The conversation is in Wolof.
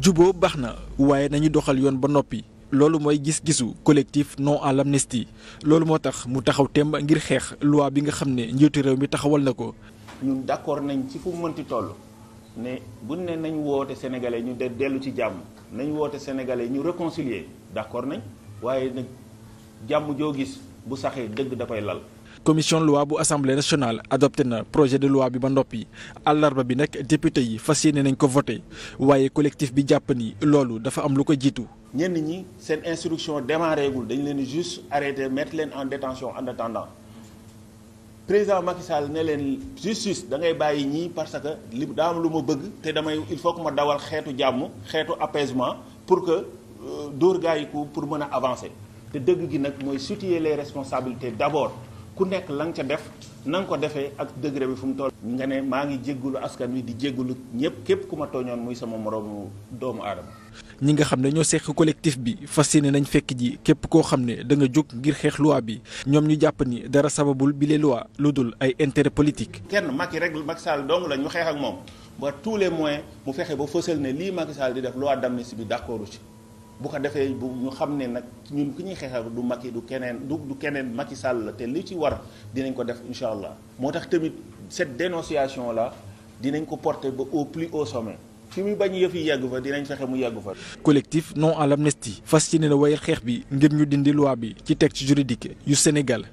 juboo baax na waaye nañu doxal yoon ba noppi loolu mooy gis-gisu collectif non à l'amnistie loolu moo tax mu taxaw temb ngir xeex loi bi nga xam ne njiitu réew mi taxawal na ko. ñun d'accord nañ ci fu mu mënti toll ne bu ne nañu woote sénégalais ñu de dellu ci jàmm nañu woote sénégalais ñu réconcilier d'accord nañ waaye nag jàmm joo gis bu saxee dëgg dafay lal. commission loi bu assemblée nationale adopté na projet de loi bi ba noppi àllarba bi nag député yi fas yéene nañ ko voté waaye collectif bi jàpp ni loolu dafa am lu ko jiitu. ñenn ñi seen instruction démarré gul dañ leen juste arrêté mettre leen en détention en attendant président Macky ne leen justice da ngay bàyyi ñii parce que li daa lu ma bëgg te damay il faut que ma dawal xeetu jàmm xeetu apaisement pour que euh, dóor gaa ko pour mën a avancer te dëgg gi nag mooy situer les responsabilités d'abord. ku nekk la nga ca def na nga ko defee ak degré bi fu mu toll. nga ne maa ngi jéggalu askan wi di jéggalu ñëpp képp ku ma tooñoon muy sama moroomu doomu aadama. ñi nga xam ne ñoo seq collectif bi fas yéene nañu fekk ji képp koo xam ne da nga jóg ngir xeex loi bi ñoom ñu jàpp ni dara sababul bile loi lu dul ay intérêt politique. kenn Macky rek Macky Sall dong la ñu xeex ak moom ba tous les moyens mu fexe ba fësal ne lii Macky Sall di def loi d'amnistie bi d'accord ci. bu ko defee bu ñu xam ne nag ñun ku ñuy xeexal du Macky du keneen du du keneen Macky Sall la te li ci war dinañ ko def incha allah. moo tax tamit cette dénonciation là dinañ ko porter ba au plus haut sommet. fi muy bañ yëf yi yàgg fa dinañ fexe mu yàgg fa. collectif non à l'amnistie fas ne na wayal xeex bi ngir ñu dindi loi bi ci texte juridique yu Sénégal.